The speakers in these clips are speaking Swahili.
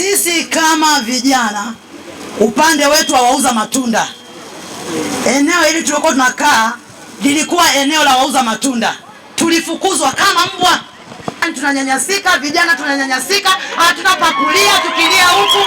Sisi kama vijana upande wetu wa wauza matunda, eneo hili tulikuwa tunakaa lilikuwa eneo la wauza matunda, tulifukuzwa kama mbwa. Tunanyanyasika, vijana tunanyanyasika, hatuna pakulia, tukilia huku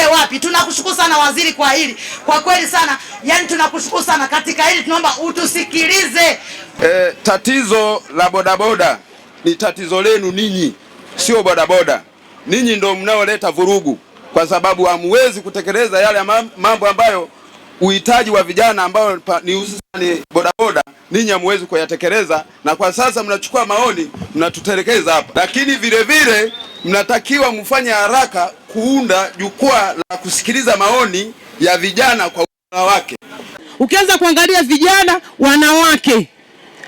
tuanzie wapi? Tunakushukuru sana waziri kwa hili, kwa kweli sana, yani tunakushukuru sana katika hili, tunaomba utusikilize. E, tatizo la bodaboda ni tatizo lenu ninyi, sio bodaboda. Ninyi ndio mnaoleta vurugu, kwa sababu hamwezi kutekeleza yale mambo ambayo uhitaji wa vijana ambayo ni hususani bodaboda, ninyi hamwezi kuyatekeleza, na kwa sasa mnachukua maoni mnatutelekeza hapa, lakini vilevile mnatakiwa mfanye haraka kuunda jukwaa la kusikiliza maoni ya vijana kwa wanawake Ukianza kuangalia vijana, wanawake,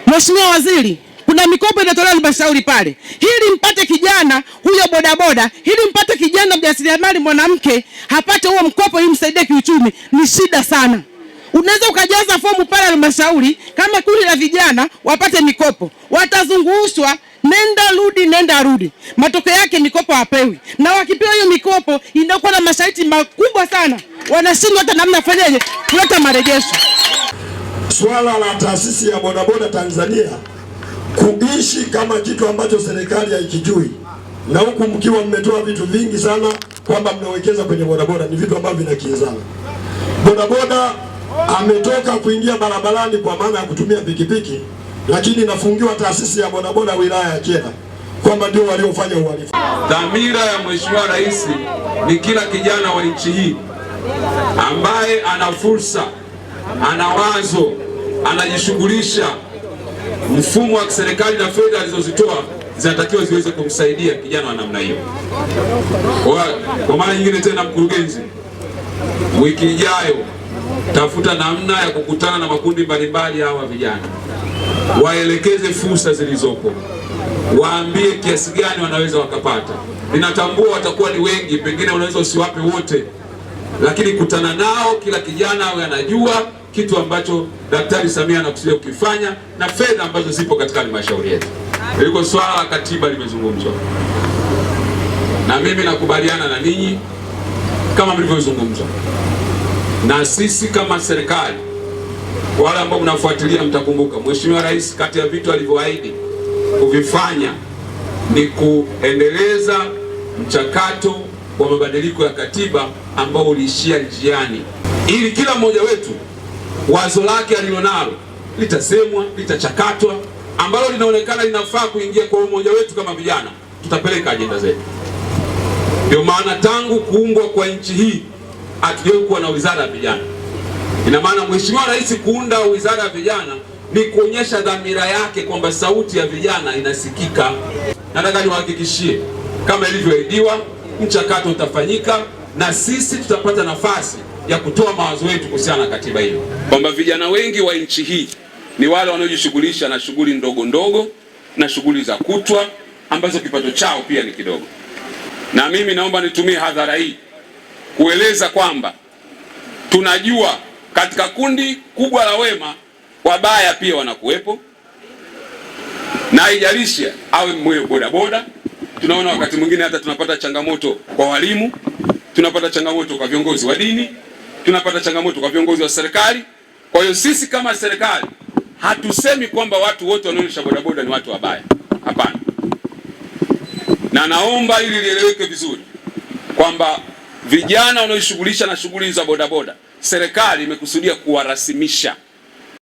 Mheshimiwa Waziri, kuna mikopo inatolewa halmashauri pale, ili mpate kijana huyo bodaboda, ili mpate kijana mjasiriamali mwanamke hapate huo mkopo, ili msaidie kiuchumi, ni shida sana. Unaweza ukajaza fomu pale halmashauri kama kundi la vijana wapate mikopo, watazungushwa nenda rudi, nenda rudi. Matokeo yake mikopo hapewi, na wakipewa hiyo mikopo inakuwa na masharti makubwa sana, wanashindwa hata namna fanyaje kuleta marejesho. Swala la taasisi ya bodaboda Tanzania kuishi kama kitu ambacho serikali haikijui, na huku mkiwa mmetoa vitu vingi sana kwamba mnawekeza kwenye bodaboda, ni vitu ambavyo vinakinzana bodaboda ametoka kuingia barabarani kwa maana ya kutumia pikipiki, lakini inafungiwa taasisi ya bodaboda wilaya ya Kyela kwamba ndio waliofanya uhalifu. Dhamira ya Mheshimiwa Rais ni kila kijana wa nchi hii ambaye ana fursa, ana wazo, anajishughulisha, mfumo wa kiserikali na fedha alizozitoa zinatakiwa ziweze kumsaidia kijana wa namna hiyo. Kwa mara nyingine tena, mkurugenzi, wiki ijayo tafuta namna ya kukutana na makundi mbalimbali hawa vijana, waelekeze fursa zilizopo, waambie kiasi gani wanaweza wakapata. Ninatambua watakuwa ni wengi, pengine unaweza usiwape wote, lakini kutana nao, kila kijana awe anajua kitu ambacho Daktari Samia anakusudia kukifanya na fedha ambazo zipo katika halmashauri yetu. Liko swala la katiba limezungumzwa, na mimi nakubaliana na ninyi kama mlivyozungumzwa na sisi kama serikali, wale ambao mnafuatilia mtakumbuka Mheshimiwa Rais kati ya vitu alivyoahidi kuvifanya ni kuendeleza mchakato wa mabadiliko ya katiba ambao uliishia njiani, ili kila mmoja wetu wazo lake alilonalo litasemwa, litachakatwa, ambalo linaonekana linafaa kuingia kwa umoja wetu kama vijana, tutapeleka ajenda zetu. Ndio maana tangu kuungwa kwa nchi hii hatujawahi kuwa na wizara ya vijana. Ina maana Mheshimiwa Rais kuunda wizara ya vijana ni kuonyesha dhamira yake kwamba sauti ya vijana inasikika. Nataka niwahakikishie kama ilivyoahidiwa, mchakato utafanyika na sisi tutapata nafasi ya kutoa mawazo yetu kuhusiana na katiba hiyo, kwamba vijana wengi wa nchi hii ni wale wanaojishughulisha na shughuli ndogo ndogo na shughuli za kutwa ambazo kipato chao pia ni kidogo, na mimi naomba nitumie hadhara hii kueleza kwamba tunajua katika kundi kubwa la wema wabaya pia wanakuwepo, na haijalishi awe mwewe bodaboda. Tunaona wakati mwingine hata tunapata changamoto kwa walimu, tunapata changamoto kwa viongozi wa dini, tunapata changamoto kwa viongozi wa serikali. Kwa hiyo sisi kama serikali hatusemi kwamba watu wote wanaonyesha bodaboda ni watu wabaya, hapana. Na naomba ili lieleweke vizuri kwamba vijana wanaoshughulisha na shughuli za bodaboda, serikali imekusudia kuwarasimisha.